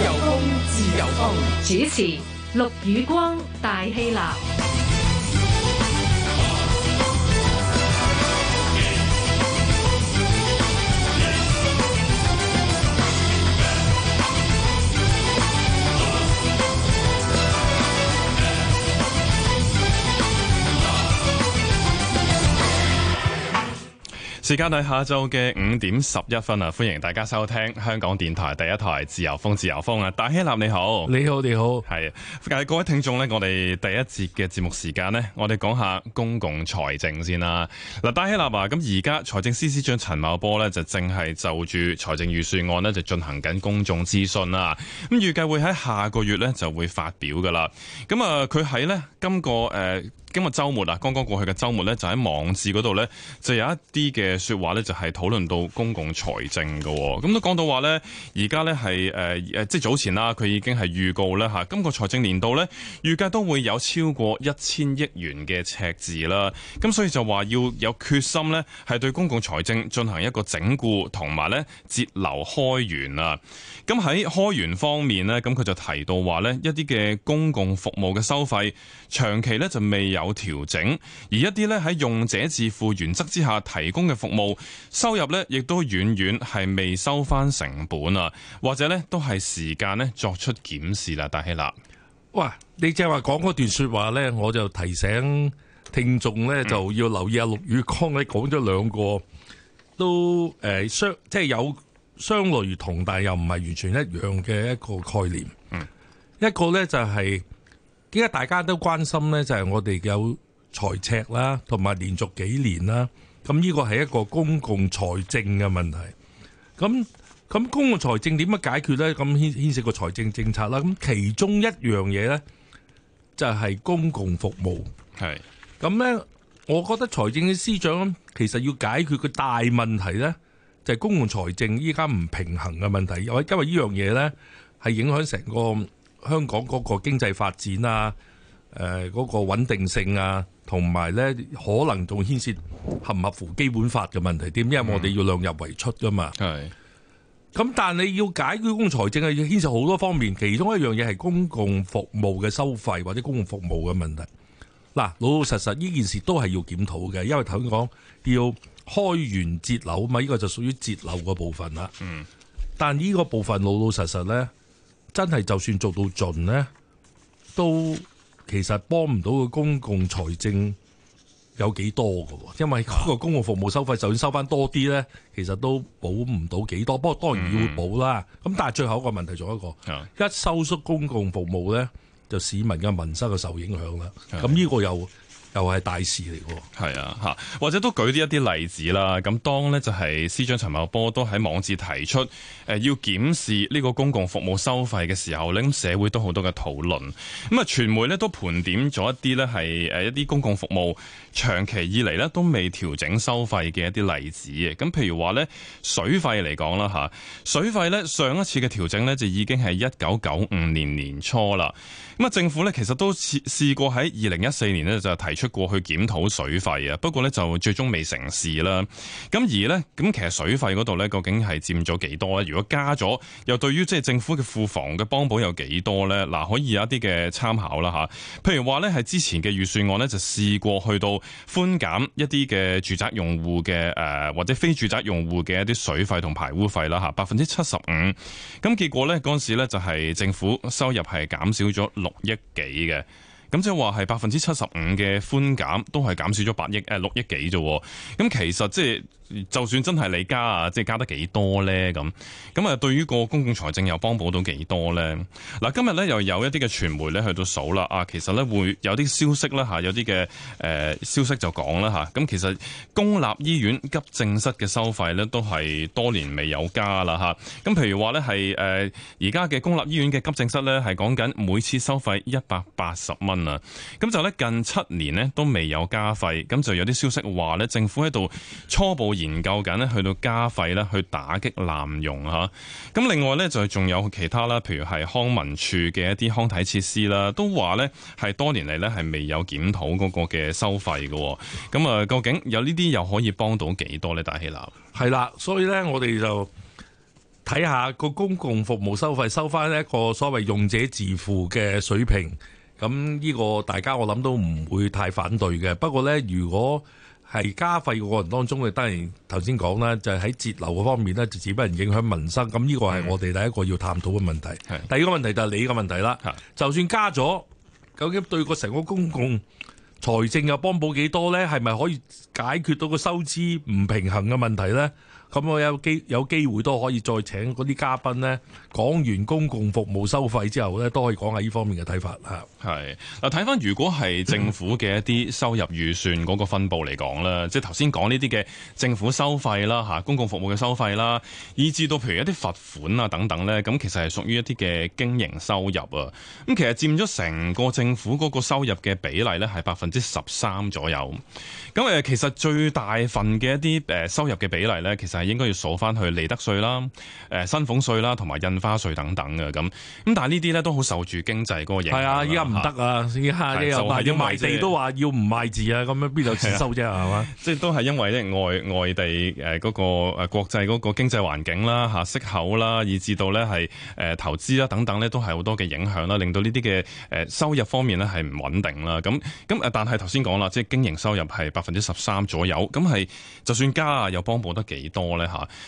自由風，自由風。主持：陸宇光、戴希娜。時間係下晝嘅五點十一分啊！歡迎大家收聽香港電台第一台自由風自由風啊！大希納你好，你好，你好你好，係各位聽眾呢，我哋第一節嘅節目時間呢，我哋講下公共財政先啦。嗱，大希納啊，咁而家財政司司長陳茂波呢，就正係就住財政預算案呢，就進行緊公眾諮詢啦。咁預計會喺下個月呢，就會發表噶啦。咁啊、這個，佢喺呢今個誒。今日周末啊，剛剛過去嘅周末咧，就喺網誌度咧，就有一啲嘅說話咧，就係、是、討論到公共財政嘅。咁都講到話咧，而家咧係誒誒即係早前啦，佢已經係預告咧吓今個財政年度咧預計都會有超過一千億元嘅赤字啦。咁所以就話要有決心咧，係對公共財政進行一個整固同埋咧節流開源啊。咁喺開源方面咧，咁佢就提到話咧，一啲嘅公共服務嘅收費長期咧就未有。有調整，而一啲咧喺用者自付原則之下提供嘅服務，收入咧亦都遠遠係未收翻成本啊，或者咧都係時間咧作出檢視啦。但係啦，哇，你正話講嗰段說話咧，我就提醒聽眾咧，就要留意啊。陸宇康，你講咗兩個都誒，相即係有相類同，但係又唔係完全一樣嘅一個概念。嗯，一個咧就係、是。依家大家都關心呢，就係我哋有財赤啦，同埋連續幾年啦。咁呢個係一個公共財政嘅問題。咁咁公共財政點樣解決呢？咁牽牽涉個財政政策啦。咁其中一樣嘢呢，就係公共服務。係是。咁呢我覺得財政嘅司長其實要解決個大問題呢，就係公共財政依家唔平衡嘅問題。因為因為依樣嘢呢，係影響成個。香港嗰個經濟發展啊，誒、呃，嗰、那個穩定性啊，同埋咧可能仲牽涉合唔合乎基本法嘅問題，添，因為我哋要量入為出噶嘛。係、嗯，咁但係你要解決公財政啊，要牽涉好多方面，其中一樣嘢係公共服務嘅收費或者公共服務嘅問題。嗱，老老實實呢件事都係要檢討嘅，因為頭先講要開源節流嘛，呢個就屬於節流嘅部分啦。嗯，但呢個部分老老實實咧。真係就算做到盡呢，都其實幫唔到個公共財政有幾多㗎喎，因為個公共服務收費就算收翻多啲呢，其實都補唔到幾多。不過當然要補啦。咁但係最後一個問題仲有一個，一收縮公共服務呢，就市民嘅民生就受影響啦。咁呢個又。又係大事嚟㗎，係啊，吓或者都舉啲一啲例子啦。咁當呢，就係司長陳茂波都喺網誌提出，誒要檢視呢個公共服務收費嘅時候呢，社會都好多嘅討論。咁啊，傳媒呢，都盤點咗一啲呢係一啲公共服務。長期以嚟咧都未調整收費嘅一啲例子嘅，咁譬如話咧水費嚟講啦嚇，水費咧上一次嘅調整咧就已經係一九九五年年初啦。咁啊政府咧其實都試試過喺二零一四年呢，就提出過去檢討水費啊，不過咧就最終未成事啦。咁而呢，咁其實水費嗰度咧究竟係佔咗幾多咧？如果加咗又對於即係政府嘅庫房嘅幫補有幾多咧？嗱可以有一啲嘅參考啦吓，譬如話咧係之前嘅預算案呢，就試過去到。寬減一啲嘅住宅用戶嘅誒、呃，或者非住宅用戶嘅一啲水費同排污費啦吓，百分之七十五。咁結果呢嗰陣時咧就係政府收入係減少咗六億幾嘅。咁即係話係百分之七十五嘅寬減都係減少咗八億誒六億幾啫。咁其實即係。就算真係你加啊，即係加得幾多咧？咁咁啊，對於個公共財政又幫補到幾多咧？嗱，今日咧又有一啲嘅傳媒咧去到數啦啊，其實咧會有啲消息咧吓有啲嘅誒消息就講啦吓，咁其實公立醫院急症室嘅收費咧都係多年未有加啦吓，咁譬如話咧係誒而家嘅公立醫院嘅急症室咧係講緊每次收費一百八十蚊啊。咁就咧近七年咧都未有加費，咁就有啲消息話咧政府喺度初步。研究緊咧，去到加費咧，去打擊濫用吓。咁另外呢，就仲有其他啦，譬如係康文署嘅一啲康體設施啦，都話呢係多年嚟，呢係未有檢討嗰個嘅收費嘅。咁啊，究竟有呢啲又可以幫到幾多呢？大希立係啦，所以呢，我哋就睇下個公共服務收費收翻一個所謂用者自付嘅水平。咁、這、呢個大家我諗都唔會太反對嘅。不過呢，如果係加費嘅過程當中，誒當然頭先講啦，就係喺節流方面咧，就只不過影響民生。咁呢個係我哋第一個要探討嘅問題。第二個問題就係你嘅問題啦。就算加咗，究竟對個成個公共財政又幫補幾多咧？係咪可以解決到個收支唔平衡嘅問題咧？咁我有機有機會都可以再請嗰啲嘉賓咧，講完公共服務收費之後咧，都可以講下呢方面嘅睇法嚇。係嗱，睇翻如果係政府嘅一啲收入預算嗰個分佈嚟講啦， 即係頭先講呢啲嘅政府收費啦吓，公共服務嘅收費啦，以至到譬如一啲罰款啊等等咧，咁其實係屬於一啲嘅經營收入啊。咁其實佔咗成個政府嗰個收入嘅比例咧，係百分之十三左右。咁誒其實最大份嘅一啲誒收入嘅比例咧，其實。係應該要數翻去利得稅啦、誒薪俸稅啦、同埋印花稅等等嘅咁。咁但係呢啲咧都好受住經濟嗰個影響。係啊，依家唔得啊！依家、就是就是、賣地都話要唔賣字啊，咁樣邊有錢收啫？係嘛？即係都係因為咧外外地誒嗰個誒國際嗰個經濟環境啦嚇、息口啦，以至到咧係誒投資啦等等咧都係好多嘅影響啦，令到呢啲嘅誒收入方面咧係唔穩定啦。咁咁誒，但係頭先講啦，即係經營收入係百分之十三左右。咁係就算加啊，又幫補得幾多？我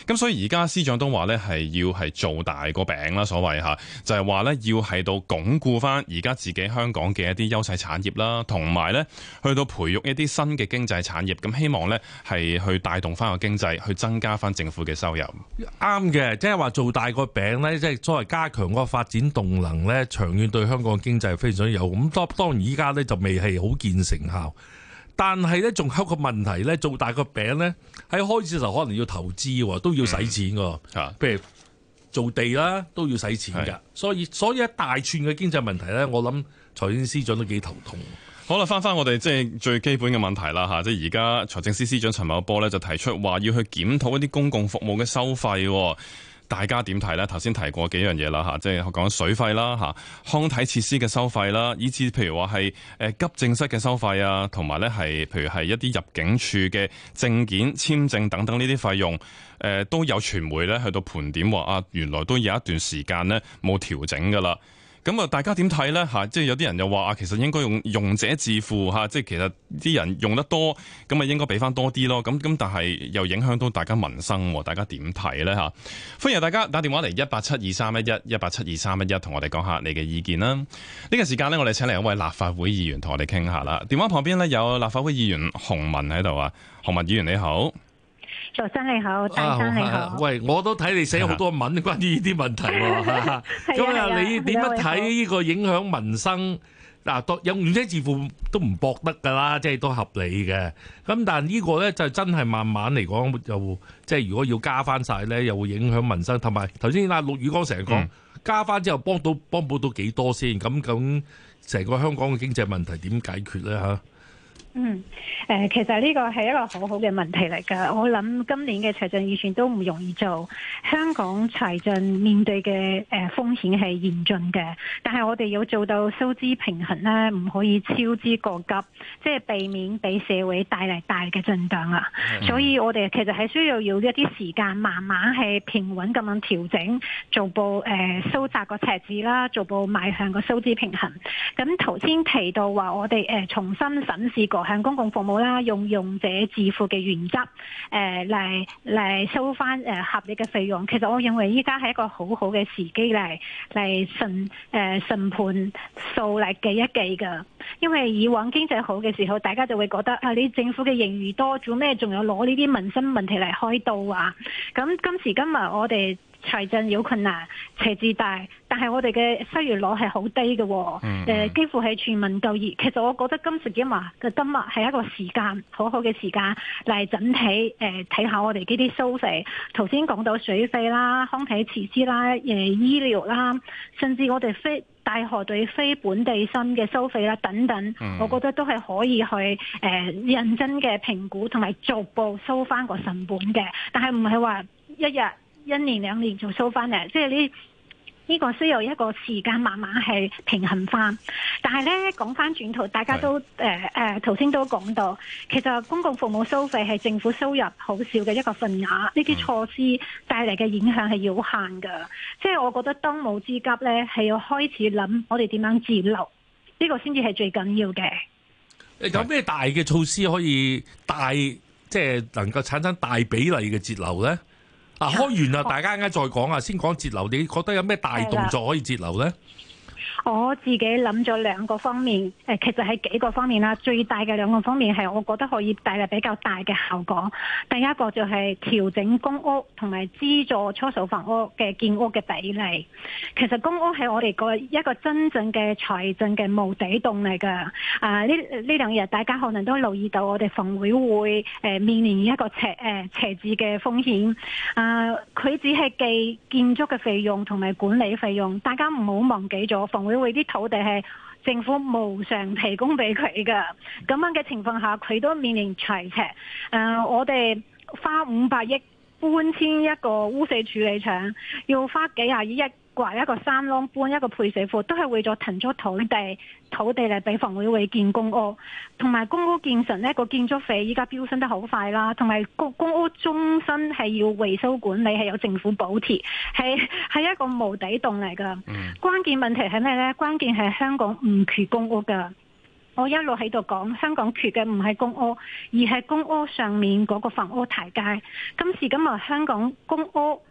咁所以而家司長都話咧，係要係做大個餅啦，所謂嚇，就係話咧要係到鞏固翻而家自己香港嘅一啲優勢產業啦，同埋咧去到培育一啲新嘅經濟產業，咁希望咧係去帶動翻個經濟，去增加翻政府嘅收入。啱嘅，即係話做大個餅咧，即係作為加強嗰個發展動能咧，長遠對香港經濟非常之有。咁當當然依家咧就未係好見成效。但係咧，仲有個問題，咧，做大個餅咧，喺開始嘅時候可能要投資喎，都要使錢喎。譬、嗯、如做地啦，都要使錢㗎。的所以，所以一大串嘅經濟問題咧，我諗財政司長都幾頭痛。好啦，翻翻我哋即係最基本嘅問題啦吓，即係而家財政司司長陳茂波咧就提出話要去檢討一啲公共服務嘅收費。大家點睇呢？頭先提過幾樣嘢啦吓，即係講水費啦吓，康體設施嘅收費啦，以至譬如話係誒急症室嘅收費啊，同埋呢係譬如係一啲入境處嘅證件、簽證等等呢啲費用，誒都有傳媒呢去到盤點話啊，原來都有一段時間呢冇調整噶啦。咁啊，大家點睇呢？吓，即係有啲人又話啊，其實應該用用者自負吓，即係其實啲人用得多，咁咪應該俾翻多啲咯。咁咁，但係又影響到大家民生，大家點睇呢？吓，歡迎大家打電話嚟一八七二三一一一八七二三一一，同我哋講下你嘅意見啦。呢個時間呢，我哋請嚟一位立法會議員同我哋傾下啦。電話旁邊呢，有立法會議員洪雯喺度啊，洪雯議員你好。做生意好，做生意好、啊。喂，我都睇你寫好多文關於呢啲問題喎。咁的啊，你點樣睇呢個影響民生？嗱的，用者自付都唔駁得㗎啦，即係都合理嘅。咁但係呢個咧就真係慢慢嚟講，又即係如果要加返晒咧，又會影響民生。同埋頭先，阿陸雨光成日講加返之後幫，幫，幫到幫補到幾多先？咁咁，成個香港嘅經濟問題點解決咧？嚇？嗯，誒、呃，其實呢個係一個好好嘅問題嚟噶。我諗今年嘅財政預算都唔容易做，香港財政面對嘅誒、呃、風險係嚴峻嘅。但係我哋要做到收支平衡咧，唔可以超支過急，即係避免俾社會帶嚟大嘅震盪啦、啊。所以我哋其實係需要要一啲時間，慢慢係平穩咁樣調整，逐步誒收窄個赤字啦，逐步邁向個收支平衡。咁頭先提到話我哋誒、呃、重新審視過。向公共服務啦，用用者自付嘅原則，誒嚟嚟收翻誒合理嘅費用。其實我認為依家係一個好好嘅時機嚟嚟審誒審判數嚟計一計噶，因為以往經濟好嘅時候，大家就會覺得啊，你政府嘅盈餘多做咩，仲有攞呢啲民生問題嚟開刀啊。咁今時今日我哋，財政有困難，赤字大，但係我哋嘅失業率係好低嘅，誒、嗯呃、幾乎係全民就業。其實我覺得今時今日嘅係一個時間好好好嘅時間嚟整體誒睇下我哋呢啲收費，頭先講到水費啦、康體設施啦、誒醫療啦，甚至我哋非大學對非本地生嘅收費啦等等，嗯、我覺得都係可以去誒、呃、認真嘅評估同埋逐步收返個成本嘅，但係唔係話一日。一年兩年仲收翻嚟，即係呢呢個需要一個時間慢慢係平衡翻。但係呢，講翻轉頭，大家都誒誒，頭先是、呃、都講到，其實公共服務收費係政府收入好少嘅一個份額。呢啲措施帶嚟嘅影響係有限噶，嗯、即係我覺得當務之急呢係要開始諗我哋點樣節流，呢、這個先至係最緊要嘅。是有咩大嘅措施可以大，即、就、係、是、能夠產生大比例嘅節流呢？嗱，開完啦，大家啱啱再講啊，先講節流，你覺得有咩大動作可以節流呢？我自己諗咗兩個方面，誒，其實係幾個方面啦。最大嘅兩個方面係我覺得可以帶嚟比較大嘅效果。第一個就係調整公屋同埋資助出售房屋嘅建屋嘅比例。其實公屋係我哋個一個真正嘅財政嘅無底洞嚟噶。啊，呢呢兩日大家可能都留意到，我哋房會會誒、呃、面臨一個赤誒赤字嘅風險。啊，佢只係計建築嘅費用同埋管理費用，大家唔好忘記咗房。會會啲土地係政府無償提供俾佢噶，咁樣嘅情況下，佢都面臨裁撤。誒、呃，我哋花五百億搬遷一個污水處理廠，要花幾廿億。掘一個山窿搬一個配水庫，都係為咗騰出土地，土地嚟俾房委會建公屋，同埋公屋建成呢個建築費依家飆升得好快啦，同埋公公屋終身係要維修管理，係有政府補貼，係係一個無底洞嚟噶。嗯、關鍵問題係咩呢？關鍵係香港唔缺公屋噶，我一路喺度講，香港缺嘅唔係公屋，而係公屋上面嗰個房屋台階。今時今日香港公屋。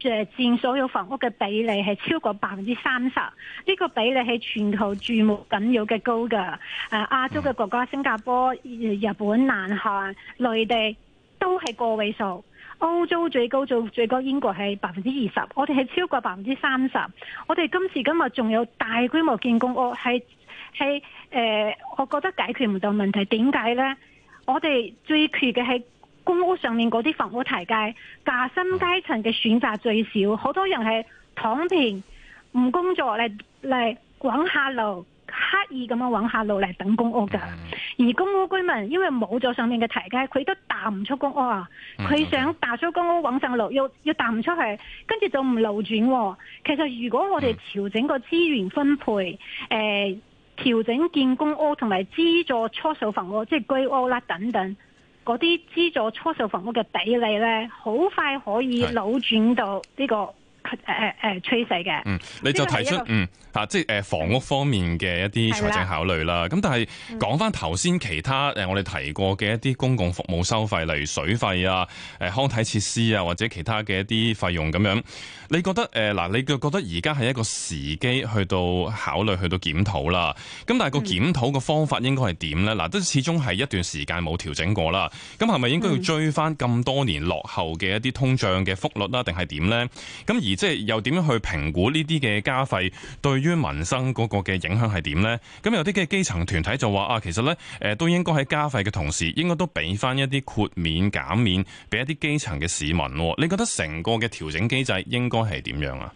借佔所有房屋嘅比例係超過百分之三十，呢個比例係全球絕無僅有嘅高㗎。誒，亞洲嘅國家新加坡、日本、南韓、內地都係個位數，歐洲最高做最高，英國係百分之二十，我哋係超過百分之三十。我哋今時今日仲有大規模建公屋，我係係，誒，我覺得解決唔到問題，點解呢？我哋最缺嘅係。公屋上面嗰啲房屋台階、夾心階層嘅選擇最少，好多人係躺平唔工作嚟嚟往下流，刻意咁樣往下流嚟等公屋噶。而公屋居民因為冇咗上面嘅台階，佢都彈唔出公屋啊！佢想彈出公屋往上流又要彈唔出去，跟住就唔流轉。其實如果我哋調整個資源分配，誒、呃，調整建公屋同埋資助初手房屋即係居屋啦等等。嗰啲資助出售房屋嘅比例咧，好快可以扭轉到呢個。誒誒誒趨勢嘅，嗯，你就提出，嗯，吓，即係誒房屋方面嘅一啲財政考慮啦。咁的但係講翻頭先其他誒我哋提過嘅一啲公共服務收費，例如水費啊、誒康體設施啊，或者其他嘅一啲費用咁樣，你覺得誒嗱，呃，你就覺得而家係一個時機去到考慮去到檢討啦。咁但係個檢討嘅方法應該係點咧？嗱，嗯，都始終係一段時間冇調整過啦。咁係咪應該要追翻咁多年落後嘅一啲通脹嘅幅率啦？定係點咧？咁而即係又點樣去評估呢啲嘅加費對於民生嗰個嘅影響係點呢？咁有啲嘅基層團體就話啊，其實呢，誒都應該喺加費嘅同時，應該都俾翻一啲豁免減免俾一啲基層嘅市民。你覺得成個嘅調整機制應該係點樣啊？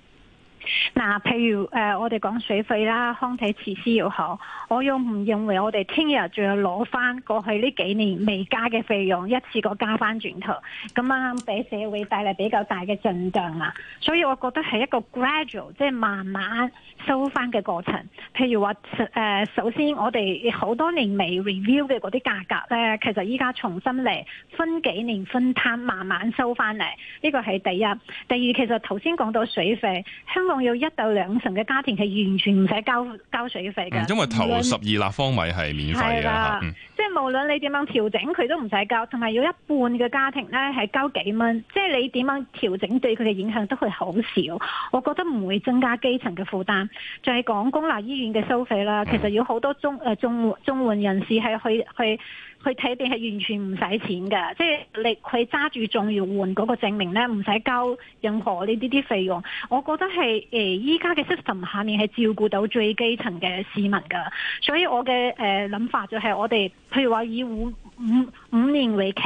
嗱、啊，譬如誒、呃，我哋講水費啦，康體設施要好，我又唔認為我哋聽日仲要攞翻過去呢幾年未加嘅費用，一次過加翻轉頭，咁啱啱俾社會帶嚟比較大嘅震盪啦。所以我覺得係一個 gradual，即係慢慢收翻嘅過程。譬如話，誒、呃，首先我哋好多年未 review 嘅嗰啲價格咧，其實依家重新嚟分幾年分攤，慢慢收翻嚟，呢個係第一。第二，其實頭先講到水費，香港。有一到兩成嘅家庭係完全唔使交交水費嘅、嗯，因為頭十二立方米係免費㗎。的嗯、即係無論你點樣調整，佢都唔使交。同埋有，有一半嘅家庭咧係交幾蚊，即係你點樣調整對佢嘅影響都係好少。我覺得唔會增加基層嘅負擔。仲係講公立醫院嘅收費啦，嗯、其實有好多中誒、呃、中中環人士係去去。去佢睇病係完全唔使錢㗎，即係你佢揸住仲要換嗰個證明咧，唔使交任何呢啲啲費用。我覺得係誒依家嘅 system 下面係照顧到最基層嘅市民噶，所以我嘅諗、呃、法就係我哋譬如話以五五五年為期，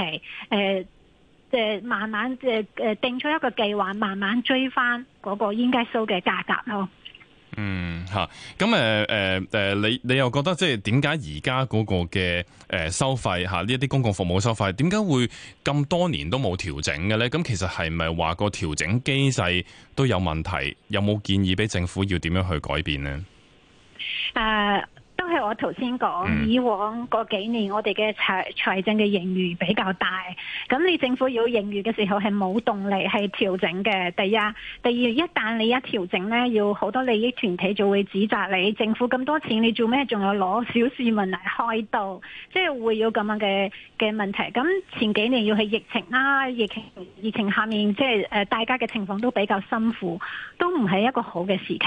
即、呃呃、慢慢誒、呃、定出一個計劃，慢慢追翻嗰個應該收嘅價格咯。嗯吓，咁誒誒誒，你你又覺得即係點解而家嗰個嘅誒收費吓呢一啲公共服務收費，點解會咁多年都冇調整嘅咧？咁其實係咪話個調整機制都有問題？有冇建議俾政府要點樣去改變咧？啊都係我頭先講，以往嗰幾年我哋嘅財財政嘅盈餘比較大，咁你政府有盈餘嘅時候係冇動力係調整嘅。第一，第二，一旦你一調整呢，要好多利益團體就會指責你，政府咁多錢你做咩，仲要攞小市民嚟開刀，即係會有咁樣嘅嘅問題。咁前幾年要係疫情啦，疫情疫情下面即係誒大家嘅情況都比較辛苦，都唔係一個好嘅時期。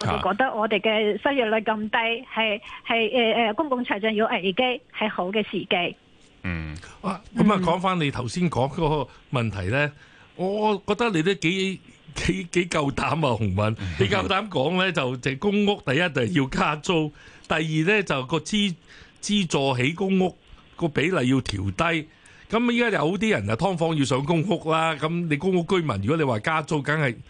我哋覺得我哋嘅失業率咁低，係係誒誒公共財政要危機，係好嘅時機。嗯，哇、嗯！咁啊，講翻你頭先講嗰個問題咧，我覺得你都幾幾幾夠膽啊，洪雯，嗯、你夠膽講咧就就是、公屋第一就是、要加租，第二咧就是、個資資助起公屋個比例要調低。咁依家有啲人啊，劏房要上公屋啦，咁你公屋居民如果你話加租，梗係～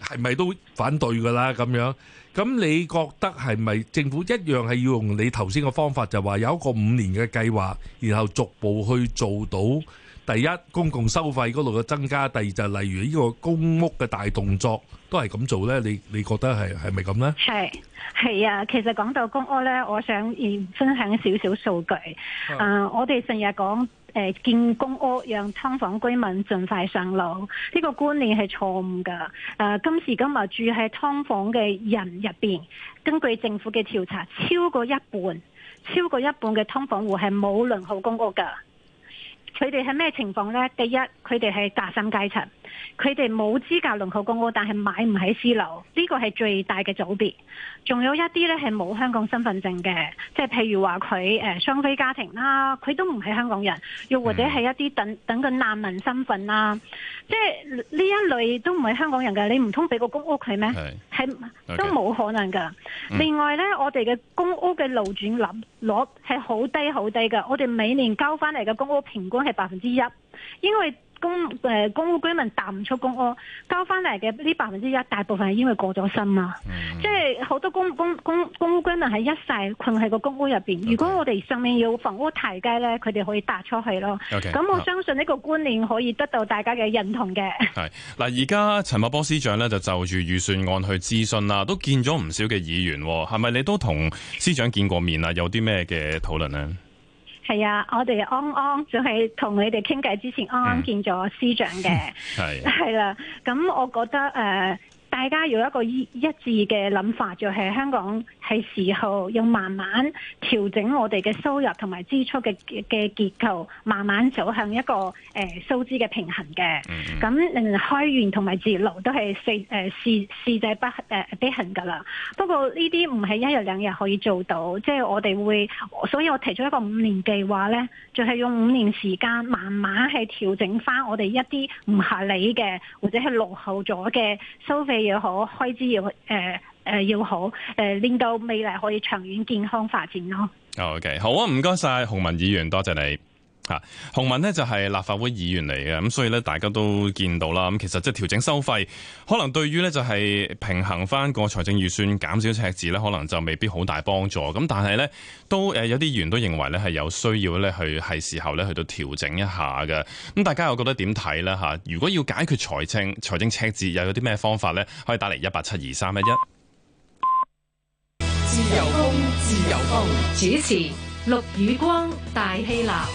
係咪都反對㗎啦咁樣？咁你覺得係咪政府一樣係要用你頭先嘅方法，就話有一個五年嘅計劃，然後逐步去做到第一公共收費嗰度嘅增加，第二就係例如呢個公屋嘅大動作都係咁做呢？你你覺得係係咪咁呢？係係啊，其實講到公屋呢，我想而分享少少數據啊，我哋成日講。誒，建公屋讓劏房居民盡快上樓，呢、這個觀念係錯誤噶。誒、啊，今時今日住喺劏房嘅人入邊，根據政府嘅調查，超過一半，超過一半嘅劏房戶係冇輪候公屋噶。佢哋係咩情況呢？第一，佢哋係夾心階層，佢哋冇資格輪候公屋，但係買唔起私樓，呢個係最大嘅組別。仲有一啲呢，係冇香港身份證嘅，即係譬如話佢誒雙非家庭啦，佢都唔係香港人，又或者係一啲等等嘅難民身份啦，即係呢一類都唔係香港人嘅，你唔通俾個公屋佢咩？係都冇可能㗎。另外呢，我哋嘅公屋嘅流轉率攞係好低好低嘅，我哋每年交翻嚟嘅公屋平均百分之一，因為公誒、呃，公屋居民搭唔出公屋交翻嚟嘅呢百分之一，大部分係因為過咗身嘛。嗯、即係好多公公公公屋居民係一世困喺個公屋入邊。Okay. 如果我哋上面要房屋提價咧，佢哋可以搭出去咯。咁 Okay. 我相信呢個觀念可以得到大家嘅認同嘅。係嗱，而家陳茂波司長咧就就住預算案去諮詢啦，都見咗唔少嘅議員。係咪你都同司長見過面啊？有啲咩嘅討論呢？係啊，我哋啱啱就係同你哋傾偈之前，啱啱見咗司長嘅，係啦是、啊，咁、 啊啊、我覺得誒。呃大家有一個一致嘅諗法，就係、是、香港係時候要慢慢調整我哋嘅收入同埋支出嘅嘅結構，慢慢走向一個誒收支嘅平衡嘅。咁令、mm hmm. 開源同埋節流都係四誒四四制不行平噶啦。不過呢啲唔係一日兩日可以做到，即係我哋會，所以我提出一個五年計劃咧，就係、是、用五年時間慢慢係調整翻我哋一啲唔合理嘅或者係落後咗嘅收費。要好開支要誒誒、呃呃、要好誒、呃，令到未來可以長遠健康發展咯。OK，好啊，唔該晒洪雯議員，多謝，謝你。啊，洪雯呢就係立法會議員嚟嘅，咁所以呢，大家都見到啦，咁其實即係調整收費，可能對於呢就係平衡翻個財政預算，減少赤字呢，可能就未必好大幫助。咁但係呢，都誒有啲議員都認為呢係有需要呢，去係時候呢去到調整一下嘅。咁大家又覺得點睇呢？吓，如果要解決財政財政赤字，又有啲咩方法呢？可以打嚟一八七二三一一。自由風，自由風，主持陸宇光，大希娜。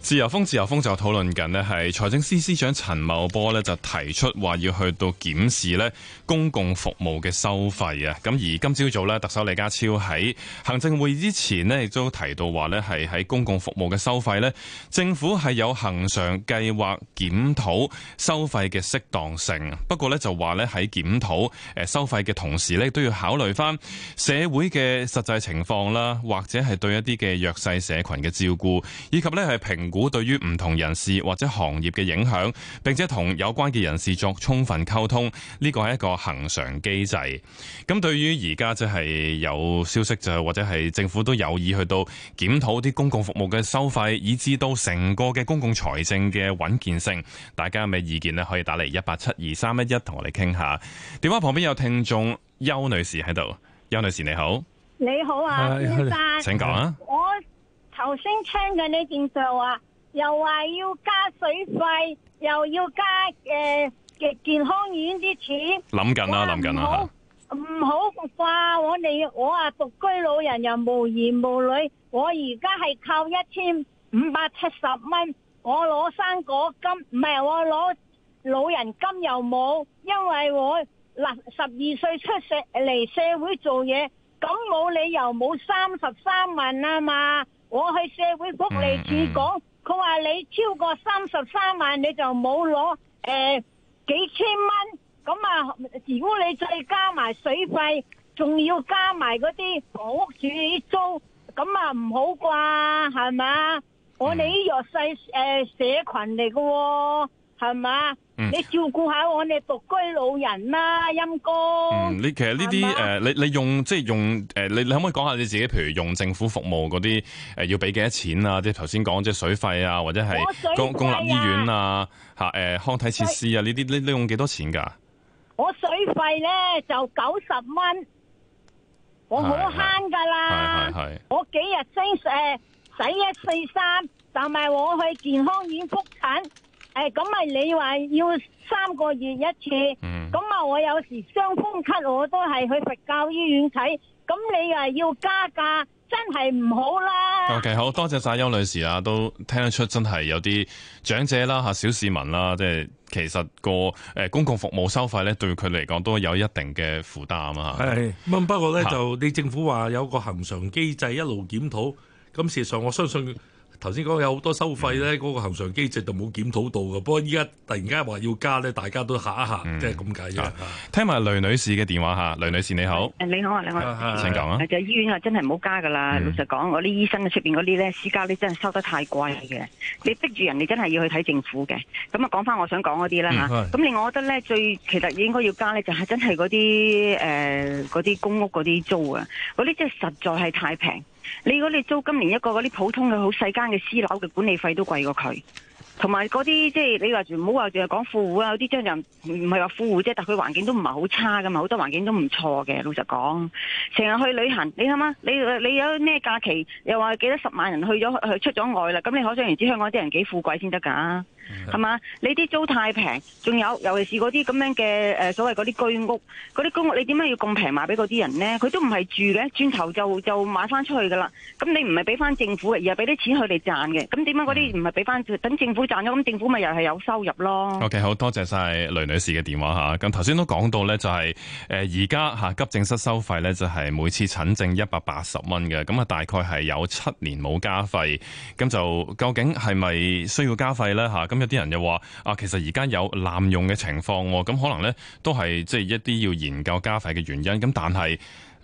自由風自由風就討論緊咧，係財政司司長陳茂波咧就提出話要去到檢視咧公共服務嘅收費啊。咁而今朝早咧，特首李家超喺行政會議之前咧亦都提到話咧係喺公共服務嘅收費咧，政府係有恒常計劃檢討收費嘅適當性。不過咧就話咧喺檢討誒收費嘅同時咧，都要考慮翻社會嘅實際情況啦，或者係對一啲嘅弱勢社群嘅照顧，以及咧係平。股對於唔同人士或者行業嘅影響，並且同有關嘅人士作充分溝通，呢個係一個恆常機制。咁對於而家即係有消息就或者係政府都有意去到檢討啲公共服務嘅收費，以至到成個嘅公共財政嘅穩健性，大家有咩意見咧？可以打嚟一八七二三一一同我哋傾下。電話旁邊有聽眾邱女士喺度，邱女士你好。你好啊，先生。請講啊。我頭先聽緊你件就話，又話要加水費，又要加誒嘅健康院啲錢諗緊啦，諗緊啦吓，唔好唔好話我哋，我啊獨居老人又無兒無女，我而家係靠一千五百七十蚊，我攞生果金，唔係我攞老人金又冇，因為我嗱十二歲出世嚟社會做嘢，咁冇理由冇三十三萬啊嘛。我去社會福利處講，佢話你超過三十三萬你就冇攞誒幾千蚊，咁啊如果你再加埋水費，仲要加埋嗰啲房屋住租，咁啊唔好啩，係咪啊？我哋弱勢誒社群嚟㗎喎，係咪啊你照顧下我哋獨居老人啦，陰哥、嗯。你其實呢啲誒，你你用即係用誒、呃，你你可唔可以講下你自己？譬如用政府服務嗰啲誒，要俾幾多錢啊？即係頭先講即係水費啊，或者係公立醫院啊，吓、呃、誒康體設施啊，呢啲水你用幾多錢噶、啊？我水費咧就九十蚊，我好慳噶啦。係係係，我幾日先誒洗一四三，同埋我去健康院復診。誒，咁咪、哎、你話要三個月一次，咁啊、嗯，我有時傷風咳，我都係去佛教醫院睇。咁你又要加價，真係唔好啦。OK，好多謝晒邱女士啊，都聽得出真係有啲長者啦，吓小市民啦，即、就、係、是、其實個誒公共服務收費咧，對佢嚟講都有一定嘅負擔啊。係咁是，樣不過咧是就你政府話有個恒常機制，一路檢討。咁事實上，我相信。頭先講有好多收費咧，嗰個恆常機制就冇檢討到嘅。不過依家突然間話要加咧，大家都嚇一嚇，即係咁解啫。聽埋雷女士嘅電話嚇，雷女士你好。誒你好啊，你好。請講啊。就醫院啊，真係唔好加噶啦。老實講，我啲醫生嘅出面嗰啲咧，私家咧真係收得太貴嘅。你逼住人哋真係要去睇政府嘅。咁啊，講翻我想講嗰啲啦嚇。咁你我覺得咧，最其實應該要加咧，就係真係嗰啲誒嗰啲公屋嗰啲租啊，嗰啲真係實在係太平。你如果你租今年一個嗰啲普通嘅好細間嘅私樓嘅管理費都貴過佢，同埋嗰啲即係你話住唔好話仲係講富戶啊，有啲真人唔係話富戶啫，但佢環境都唔係好差噶嘛，好多環境都唔錯嘅。老實講，成日去旅行，你諗下，你你有咩假期又話幾多十萬人去咗去出咗外啦，咁你可想而知香港啲人幾富貴先得噶。係嘛？你啲租太平，仲有尤其是嗰啲咁樣嘅誒、呃，所謂嗰啲居屋，嗰啲公屋你點解要咁平賣俾嗰啲人呢？佢都唔係住嘅，轉頭就就買翻出去噶啦。咁你唔係俾翻政府，而係俾啲錢佢哋賺嘅。咁點解嗰啲唔係俾翻？等政府賺咗，咁政府咪又係有收入咯？OK，好多謝晒雷女士嘅電話吓。咁頭先都講到呢，就係誒而家吓急症室收費呢，就係、是、每次診症一百八十蚊嘅。咁啊，大概係有七年冇加費。咁就究竟係咪需要加費呢？吓、啊、咁。有啲人又話啊，其實而家有濫用嘅情況，咁可能呢都係即係一啲要研究加費嘅原因，咁但係。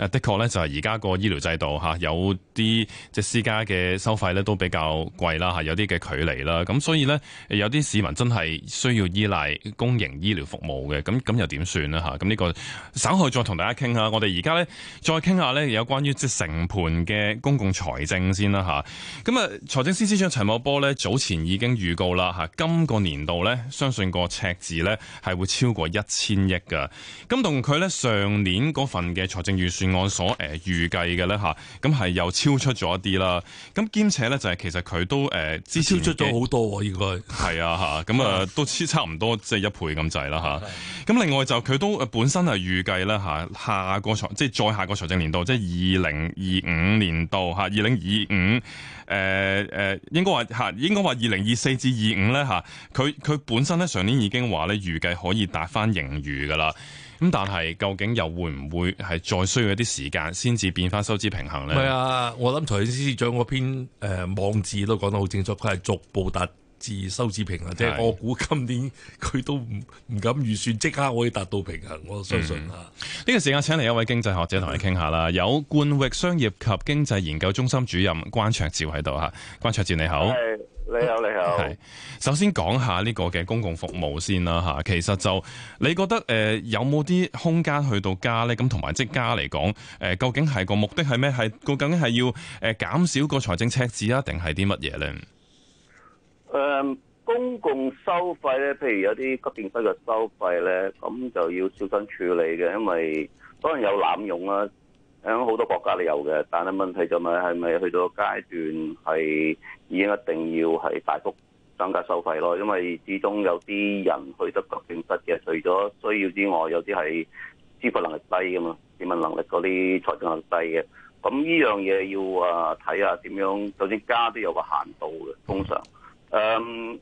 的確呢，就係而家個醫療制度嚇，有啲即私家嘅收費呢都比較貴啦嚇，有啲嘅距離啦，咁所以呢，有啲市民真係需要依賴公營醫療服務嘅，咁咁又點算咧嚇？咁呢個稍後，再同大家傾下。我哋而家呢，再傾下呢，有關於即成盤嘅公共財政先啦嚇。咁啊，財政司司長陳茂波呢，早前已經預告啦嚇，今個年度呢，相信個赤字呢係會超過一千億㗎。咁同佢呢，上年嗰份嘅財政預算。按所誒預計嘅咧嚇，咁係又超出咗啲啦。咁兼且咧就係其實佢都誒，超出咗好多、啊、應該係啊嚇。咁啊都差唔多即係一倍咁滯啦嚇。咁的另外就佢都本身係預計咧嚇，下個財即係再下個財政年度，即係二零二五年度嚇，二零二五誒誒，應該話嚇，應該話二零二四至二五咧嚇，佢佢本身咧上年已經話咧預計可以達翻盈餘噶啦。咁但係究竟又會唔會係再需要一啲時間先至變翻收支平衡咧？係啊，我諗財政司司長嗰篇誒、呃、網誌都講得好清楚，佢係逐步突。自收支平衡，即係是我估今年佢都唔唔敢預算，即刻可以達到平衡，我相信啊。呢、嗯這個時間請嚟一位經濟學者同你傾下啦。 有冠域商業及經濟研究中心主任關焯照喺度嚇，關焯照你，、哎、你好，你好你好。首先講下呢個嘅公共服務先啦嚇。其實就你覺得誒、呃、有冇啲空間去到家呢？咁同埋即家嚟講，誒、呃、究竟係個目的係咩？係究竟係要誒減、呃、少個財政赤字啊，定係啲乜嘢呢？誒、um, 公共收費咧，譬如有啲急症室嘅收費咧，咁就要小心處理嘅，因為當然有濫用啦、啊。喺好多國家都有嘅，但係問題就係係咪去到階段係已經一定要係大幅增加收費咯？因為始終有啲人去得急症室嘅，除咗需要之外，有啲係支付能力低嘅嘛，市民能力嗰啲財政能力低嘅，咁呢樣嘢要啊睇下點樣，就算加都有個限度嘅，通常。嗯，um,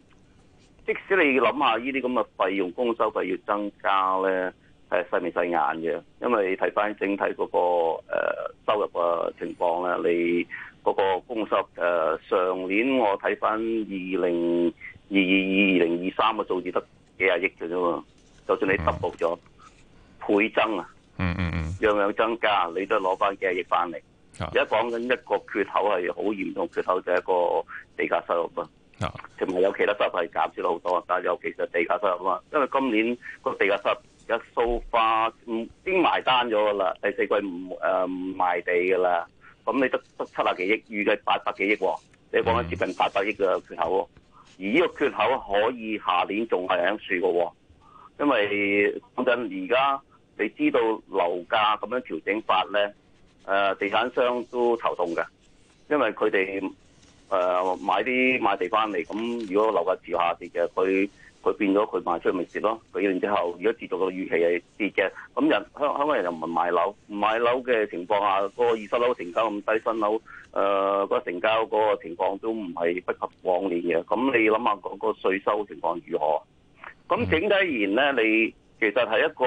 即使你諗下呢啲咁嘅費用公收費要增加咧，係細眉細眼嘅，因為你睇翻整體嗰、那個誒、呃、收入嘅情況咧，你嗰個公收誒、呃、上年我睇翻二零二二、二零二三嘅數字得幾廿億嘅啫嘛，就算你 double 咗倍增啊，嗯嗯嗯，樣樣增加你都係攞翻幾廿億翻嚟，而家講緊一個缺口係好嚴重缺口就係一個地價收入啦。同埋有其他收入係減少咗好多，但係尤其是地價收入啊，嘛，因為今年個地價收入 so far，嗯，已經埋單咗噶啦，第四季唔誒唔賣地噶啦，咁你得得七啊幾億，預計八百幾億，你講緊接近八百億嘅缺口，哦，而呢個缺口可以下年仲係喺處嘅，因為講緊，而家你知道樓價咁樣調整法咧，誒、呃，地產商都頭痛嘅，因為佢哋。誒、uh, 買啲買地翻嚟，咁如果樓價持續下跌嘅，佢佢變咗佢賣出去咪蝕咯。佢然之後，如果持續個預期係跌嘅，咁人香港人又唔買樓，唔買樓嘅情況下，個二手樓成交咁低，新樓嗰、呃個成交個情況都唔係不及往年嘅。咁你諗下嗰個稅收情況如何？咁整體而言咧，你其實係一個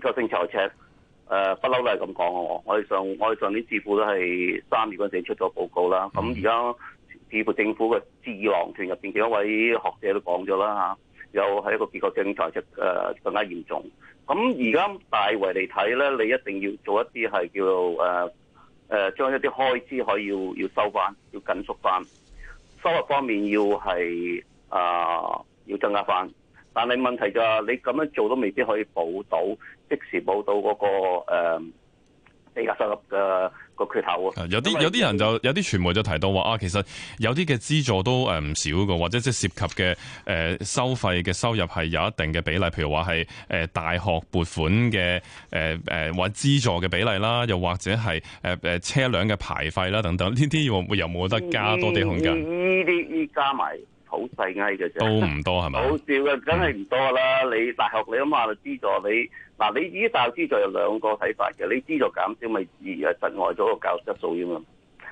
結構性財赤。誒不嬲都係咁講喎，我哋上我哋上年智庫都係三月份先出咗報告啦，咁而家智庫政府嘅智囊團入面，幾多位學者都講咗啦嚇，又係一個結構性財政誒更加嚴重，咁而家大圍嚟睇咧，你一定要做一啲係叫做誒、啊啊、將一啲開支可以要要收翻，要緊縮翻，收入方面要係啊要增加翻。但係問題就係你咁樣做都未必可以補到，即時補到嗰、那個比地價收入嘅、那個缺口喎。有啲有啲人就有啲傳媒就提到話啊，其實有啲嘅資助都誒唔少㗎，或者即係涉及嘅誒、呃、收費嘅收入係有一定嘅比例，譬如話係誒大學撥款嘅誒誒或資助嘅比例啦，又或者係誒誒車輛嘅牌費啦等等，呢啲有冇得加多啲空間？呢啲加埋。好細埃嘅啫，都唔多係咪？好少嘅，梗係唔多啦。你大學你諗下資助你嗱，你依啲大學資助有兩個睇法嘅，你資助減少咪誒實外咗個教育質素咁樣。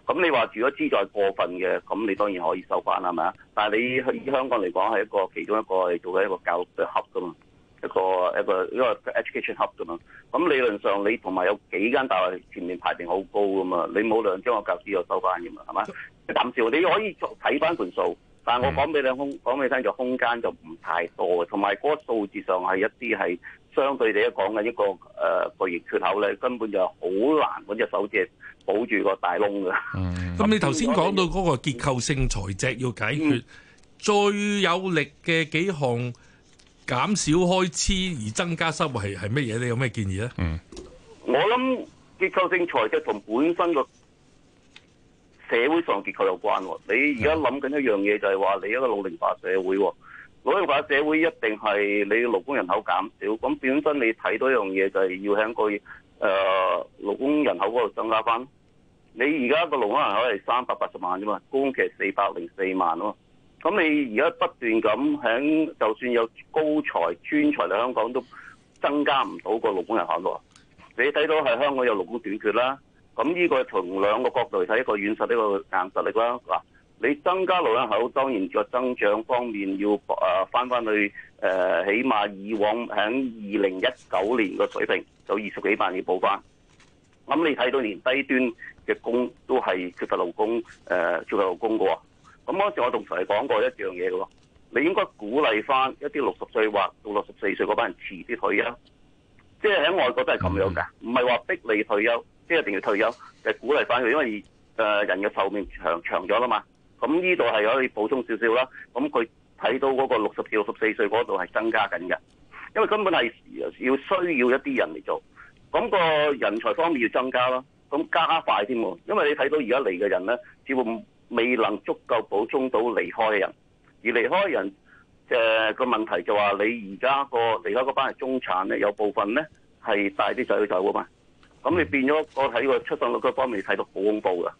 咁你話住咗資助過分嘅，咁你當然可以收翻係咪啊？但係你去香港嚟講係一個其中一個係做緊一個教育嘅 hub 噶嘛，一個一個因為 education hub 噶嘛。咁理論上你同埋有，有幾間大學前面排名好高噶嘛，你冇兩張個教資助收翻㗎嘛係咪？暫時 你可以睇翻盤數。但係我講俾你聽，講俾你聽，就空間就唔太多嘅，同埋嗰個數字上係一啲係相對地講嘅一個誒個盈缺口咧，根本就好難嗰隻手指保住個大窿嘅。咁你頭先講到嗰個結構性財赤要解決，最有力嘅幾項減少開支而增加收入係係乜嘢咧？你有咩建議咧？嗯，我諗結構性財赤同本身個。社會上結構有關喎，你而家諗緊一樣嘢就係話你一個老齡化社會，老齡化社會一定係你的勞工人口減少，咁本身你睇到一樣嘢就係要喺個誒、呃、勞工人口嗰度增加翻。你而家個勞工人口係三百八十萬啫嘛，高峯期四百零四萬咯，咁你而家不斷咁喺，就算有高才專才嚟香港都增加唔到個勞工人口喎。你睇到係香港有勞工短缺啦。咁呢個從兩個角度睇，一個軟實力一個硬實力啦。嗱、啊，你增加勞人口，當然個增長方面要誒翻翻去誒、啊，起碼以往響二零一九年嘅水平，有二十幾萬要補翻。咁、啊、你睇到連低端嘅工都係缺乏勞工，誒、啊、缺乏勞工噶。咁嗰陣我同佢哋講過一樣嘢喎，你應該鼓勵翻一啲六十歲或到六十四歲嗰班人遲啲退休，即係喺外國都係咁樣噶，唔係話逼你退休。一定要退休，就係、鼓勵翻佢，因為誒人嘅壽命長長咗啦嘛。咁呢度係可以補充少少啦。咁佢睇到嗰個六十至六十四歲嗰度係增加緊嘅，因為根本係要需要一啲人嚟做。咁、嗰個人才方面要增加啦，咁加快添。因為你睇到而家嚟嘅人咧，似乎未能足夠補充到離開嘅人，而離開嘅人誒個、呃、問題就話你而家、個離開嗰班係中產咧，有部分咧係帶啲仔去走噶嘛。咁你變咗我喺個出生率嗰方面睇到好恐怖噶，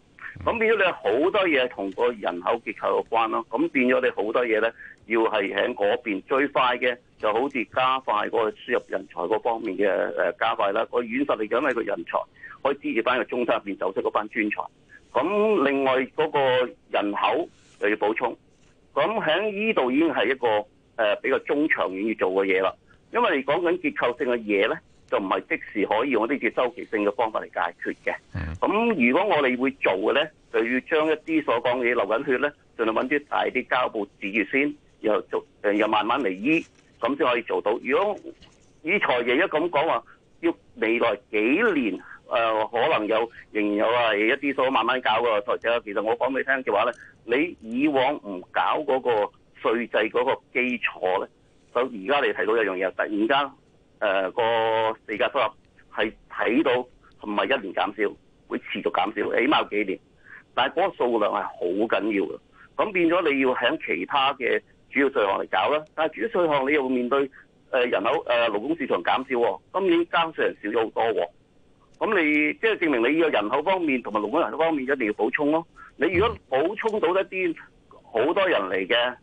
咁變咗你好多嘢同個人口結構有關咯，咁變咗你好多嘢咧，要係喺嗰邊最快嘅就好似加快個輸入人才嗰方面嘅加快啦，個軟實力就因為個人才可以支持翻個中產入邊走出嗰班專才，咁另外嗰個人口又要補充，咁喺依度已經係一個誒比較中長遠要做嘅嘢啦，因為你講緊結構性嘅嘢咧。就唔係即時可以用呢啲叫週期性嘅方法嚟解決嘅。咁如果我哋會做嘅咧，就要將一啲所講嘅嘢流緊血咧，盡量揾啲大啲膠布止住先，然後做誒又慢慢嚟醫，咁先可以做到。如果以財爺一咁講話，要未來幾年誒、呃、可能有仍然有係一啲所慢慢搞嘅財爺，其實我講俾你聽嘅話咧，你以往唔搞嗰個稅制嗰個基礎咧，就而家你睇到一樣嘢，突然間。誒個地價收入係睇到唔係一年減少，會持續減少，起碼幾年。但係嗰個數量係好緊要嘅，咁變咗你要喺其他嘅主要稅項嚟搞啦。但係主要稅項你又會面對誒人口誒、呃、勞工市場減少，今年交稅人少咗好多。咁你即係、就是、證明你要人口方面同埋勞工人口方面一定要補充咯。你如果補充到一啲好多人嚟嘅，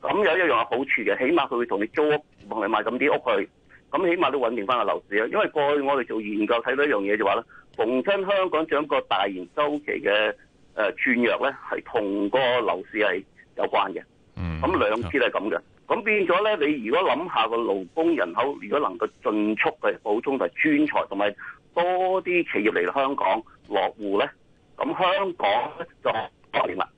咁有一樣係好處嘅，起碼佢會同你租屋同你買咁啲屋去。咁起碼都穩定翻個樓市啊！因為過去我哋做研究睇到一樣嘢就話咧，逢親香港整個大型周期嘅誒轉弱咧，係同個樓市係有關嘅。嗯，咁兩次都係咁嘅。咁變咗咧，你如果諗下個勞工人口如果能夠迅速去補充同埋專才，同埋多啲企業嚟香港落戶咧，咁香港呢就當然啦。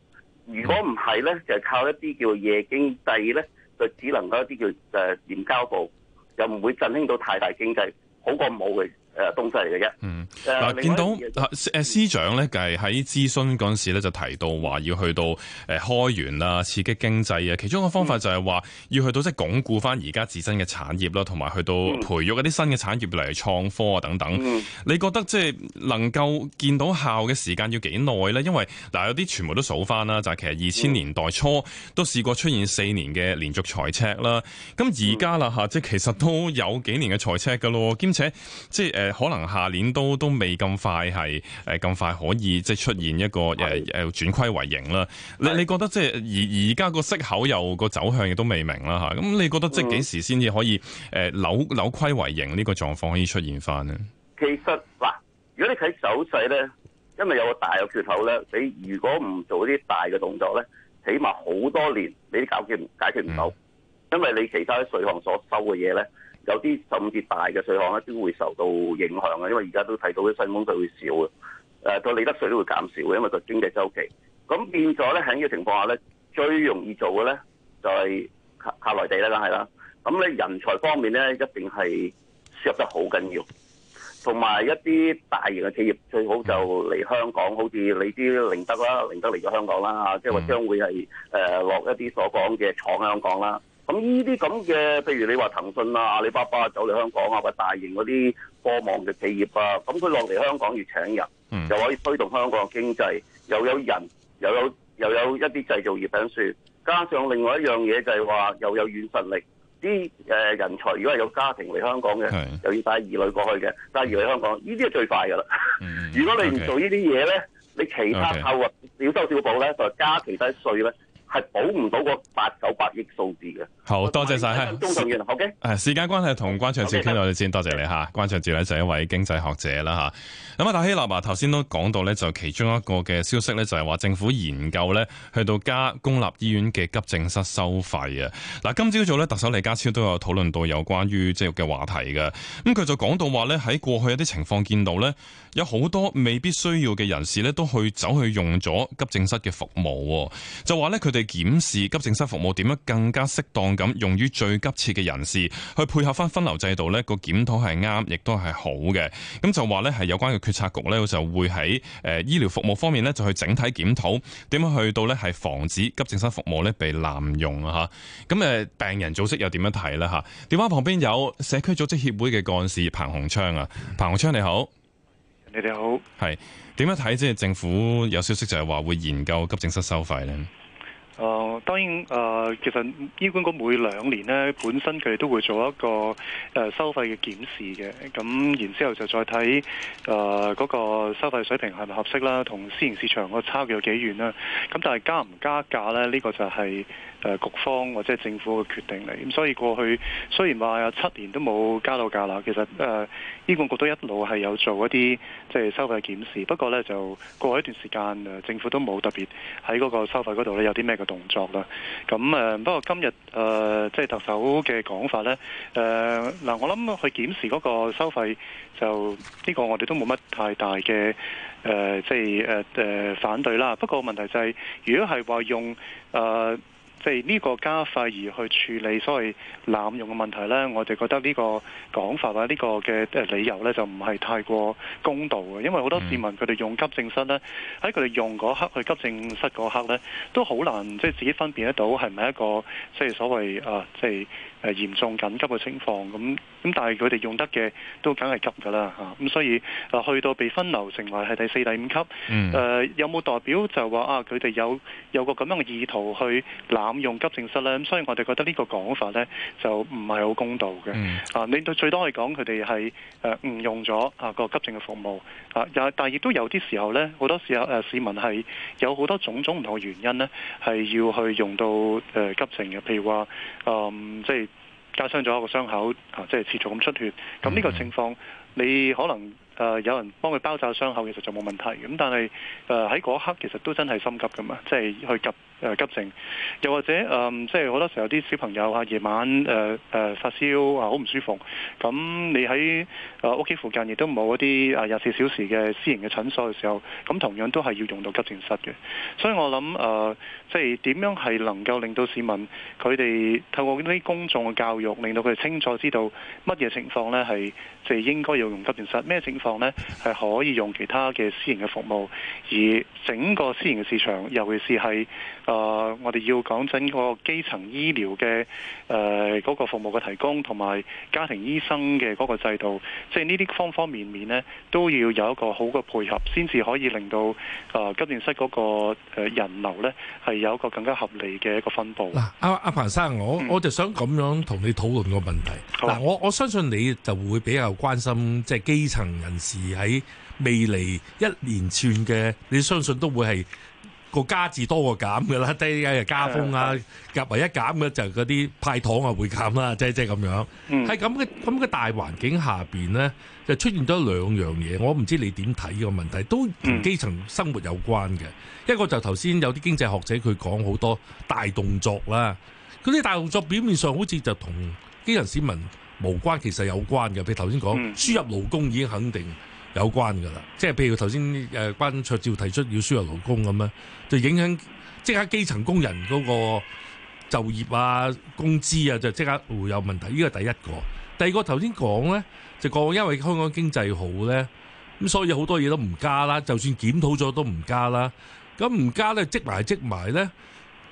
如果唔係咧，就靠一啲叫夜經濟咧，就只能夠一啲叫誒廉、呃、交部。又唔會振興到太大經濟，好過冇嘅。誒東西嚟嘅啫，嗯，嗱，見到誒、嗯啊、司長咧，就係喺諮詢嗰陣時咧，就提到話要去到誒、呃、開源啦，刺激經濟啊。其中一個方法就係話、嗯、要去到即係、就是、鞏固翻而家自身嘅產業啦，同埋、嗯、去到培育一啲新嘅產業嚟創科啊等等。嗯、你覺得即係、就是、能夠見到效嘅時間要幾耐咧？因為嗱、呃，有啲全部都數翻啦，就係、是、其實二千年代初、嗯、都試過出現四年嘅連續財赤啦。咁而家啦嚇，即係、嗯、其實都有幾年嘅財赤噶咯，兼且即係誒。呃誒，可能下年都都未咁快係，誒咁快可以即係出現一個誒又轉虧為盈啦。的你你覺得即係而而家個息口又個走向亦都未明啦吓。咁你覺得即係幾時先至可以誒、嗯呃、扭扭虧為盈呢個狀況可以出現翻呢？其實嗱，如果你睇走勢咧，因為有個大嘅缺口咧，你如果唔做啲大嘅動作咧，起碼好多年你搞決唔解決唔到，嗯、因為你其他稅項所收嘅嘢咧。有啲甚至大嘅稅項咧都會受到影響啊，因為而家都睇到啲薪俸稅會少啊，誒、呃、個利得稅都會減少啊，因為個經濟周期。咁變咗咧喺呢在這個情況下咧，最容易做嘅咧就係客內地啦，係啦。咁咧人才方面咧一定係輸入得好緊要，同埋一啲大型嘅企業最好就嚟香港，好似你啲寧德啦、寧德嚟咗香港啦，即、就、係、是、將會係、呃、落一啲所講嘅廠喺香港啦。咁呢啲咁嘅，譬如你話騰訊啊、阿里巴巴走嚟香港啊，或大型嗰啲科網嘅企業啊，咁佢落嚟香港要請人，又可以推動香港嘅經濟，嗯、又有人，又有又有一啲製造業等做，加上另外一樣嘢就係話又有軟實力，啲誒人才如果係有家庭嚟香港嘅，又的要帶兒女過去嘅，帶兒女香港，呢啲係最快噶啦。嗯、如果你唔做呢啲嘢咧，okay, 你其他扣物、小 okay 收小補咧，就加其他稅咧。係保唔到個八九百億數字嘅，好多謝晒。中同誒，時間關係，同關焯照傾到啲先，多謝你吓。關焯照呢就係一位經濟學者啦吓。咁啊，大希臘啊，頭先都講到咧，就其中一個嘅消息咧，就係話政府研究咧，去到加公立醫院嘅急症室收費啊。嗱，今朝早咧，特首李家超都有討論到有關於即係嘅話題嘅。咁佢就講到話咧，喺過去一啲情況見到咧，有好多未必需要嘅人士咧，都去走去用咗急症室嘅服務，就話咧佢哋。檢視急症室服務點樣更加適當咁用於最急切嘅人士，去配合翻分流制度呢個檢討係啱，亦都係好嘅。咁就話呢係有關嘅決策局呢，就會喺誒醫療服務方面呢，就去整體檢討點樣去到呢，係防止急症室服務呢被濫用啊！吓咁誒，病人組織又點樣睇呢？吓電話旁邊有社區組織協會嘅幹事彭鴻昌啊，彭鴻昌你好，你哋好，係點樣睇？即係政府有消息就係話會研究急症室收費呢。哦、呃，當然，誒、呃，其實醫管局每兩年呢，本身佢哋都會做一個誒、呃、收費嘅檢視嘅，咁然之後就再睇誒嗰個收費水平係咪合適啦，同私營市場個差距有幾遠啦、啊，咁但係加唔加價呢，呢、呢個就係、是。誒局方或者係政府嘅決定嚟，咁所以過去雖然話七年都冇加到價啦，其實誒醫管局都一路係有做一啲即係收費檢視。不過呢，就過去一段時間，政府都冇特別喺嗰個收費嗰度呢，有啲咩嘅動作啦。咁不過今日誒即係特首嘅講法呢，誒嗱我諗去檢視嗰個收費，就呢個我哋都冇乜太大嘅誒即係誒誒反對啦。不過問題就係，如果係話用誒、呃。即係呢個加快而去處理所謂濫用嘅問題呢，我哋覺得呢個講法或者呢個嘅理由呢，就唔係太過公道嘅，因為好多市民佢哋用急症室呢，喺佢哋用嗰刻去急症室嗰刻呢，都好難即係、即係、自己分辨得到係唔係一個即係、即係、所謂啊即係。即係係嚴重緊急嘅情況，咁咁但係佢哋用得嘅都梗係急㗎啦嚇，咁所以啊去到被分流成為係第四、第五級，誒有冇代表就話啊佢哋有有個咁樣嘅意圖去濫用急症室咧？咁所以我哋覺得呢個講法咧就唔係好公道嘅啊！你最多係講佢哋係誒誤用咗啊個急症嘅服務啊，但係亦都有啲時候咧，好多時候誒市民係有好多種種唔同嘅原因咧，係要去用到誒急症嘅，譬如話誒即係。加傷咗一個傷口，啊，即係持續咁出血。咁呢個情況，你可能誒、呃、有人幫佢包紮傷口，其實就冇問題。咁但係誒喺嗰一刻，其實都真係心急噶嘛，即係去急。急症，又或者誒、嗯，即係好多時候啲小朋友、呃呃、啊，夜晚誒誒發燒啊，好唔舒服。咁、嗯、你喺誒屋企附近亦都冇一啲誒廿四小時嘅私營嘅診所嘅時候，咁、嗯、同樣都係要用到急症室嘅。所以我諗誒、呃、即係點樣係能夠令到市民佢哋透過呢啲公眾嘅教育，令到佢哋清楚知道乜嘢情況咧係即係應該要用急症室，咩情況咧係可以用其他嘅私營嘅服務，而整個私營嘅市場尤其是係。啊、呃！我哋要講緊嗰個基層醫療嘅誒嗰個服務嘅提供，同埋家庭醫生嘅嗰個制度，即係呢啲方方面面咧，都要有一個好嘅配合，先至可以令到啊、呃、急症室嗰個人流咧係有一個更加合理嘅一個分布。嗱、啊，阿、啊、阿彭生，我、嗯、我就想咁樣同你討論個問題。嗱、啊啊，我我相信你就會比較關心，即、就、係、是、基層人士喺未嚟一連串嘅，你相信都會係。個加字多過減噶啦，第一係加封啊，夾埋一減嘅就嗰啲派糖啊會減啦，即係即係咁樣。係咁嘅，咁嘅、嗯、大環境下邊咧，就出現咗兩樣嘢。我唔知你點睇呢個問題，都同基層生活有關嘅。嗯、一個就頭先有啲經濟學者佢講好多大動作啦，嗰啲大動作表面上好似就同基層市民無關，其實有關嘅。譬如頭先講輸入勞工已經肯定。有關㗎啦，即係譬如頭先誒關焯照提出要輸入勞工咁咧，就影響即刻基層工人嗰個就業啊、工資啊，就即刻會有問題。呢個係第一個，第二個頭先講咧，就講因為香港經濟好咧，咁所以好多嘢都唔加啦，就算檢討咗都唔加啦。咁唔加咧，積埋積埋咧，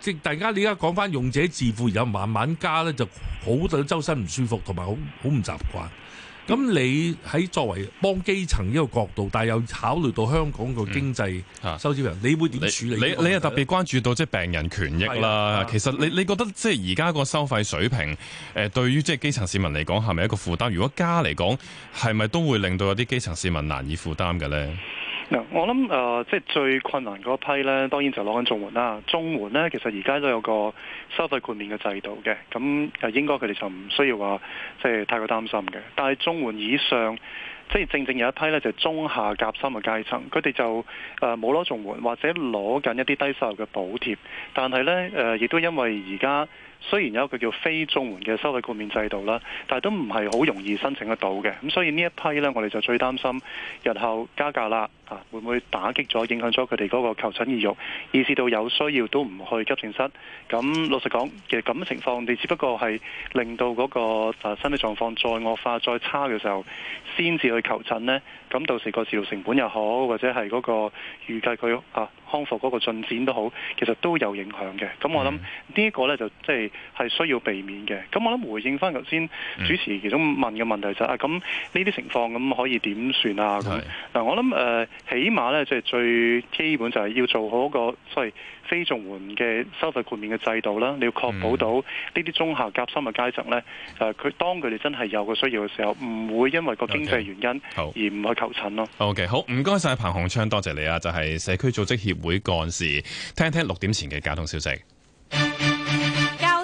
即大家你而家講翻用者自負，然後慢慢加咧，就好到周身唔舒服，同埋好好唔習慣。咁你喺作為幫基層呢個角度，但係又考慮到香港個經濟收支、嗯，你會點處理？你你又特別關注到即係病人權益啦。其實你你覺得即係而家個收費水平，誒對於即係基層市民嚟講係咪一個負擔？如果家嚟講係咪都會令到有啲基層市民難以負擔嘅咧？我諗誒，即、呃、係最困難嗰批呢，當然就攞緊綜援啦。綜援呢，其實而家都有個收費豁免嘅制度嘅，咁誒，應該佢哋就唔需要話即係太過擔心嘅。但係綜援以上，即係正正有一批呢，就是、中下夾心嘅階層，佢哋就誒冇攞綜援，或者攞緊一啲低收入嘅補貼，但係呢，誒、呃，亦都因為而家雖然有一個叫非綜援嘅收費豁免制度啦，但係都唔係好容易申請得到嘅，咁所以呢一批呢，我哋就最擔心日後加價啦。啊，會唔會打擊咗、影響咗佢哋嗰個求診意欲，以致到有需要都唔去急症室？咁，老實講，其實咁嘅情況，你只不過係令到嗰個身體狀況再惡化、再差嘅時候，先至去求診呢。咁到時個治療成本又好，或者係嗰個預計佢啊康復嗰個進展都好，其實都有影響嘅。咁我諗呢一個呢，就即係係需要避免嘅。咁我諗回應返頭先主持其中問嘅問題就係、是、啊，咁呢啲情況咁可以點算啊？咁嗱，我諗誒，呃起碼咧，即係最基本就係要做好一個所謂非綜援嘅收費豁免嘅制度啦。你要確保到呢啲中下夾心嘅階層咧，誒佢當佢哋真係有個需要嘅時候，唔會因為個經濟原因而唔去求診咯，okay。OK，好唔該晒彭鴻昌，多謝，謝你啊！就係、是、社區組織協會幹事，聽聽六點前嘅交通消息。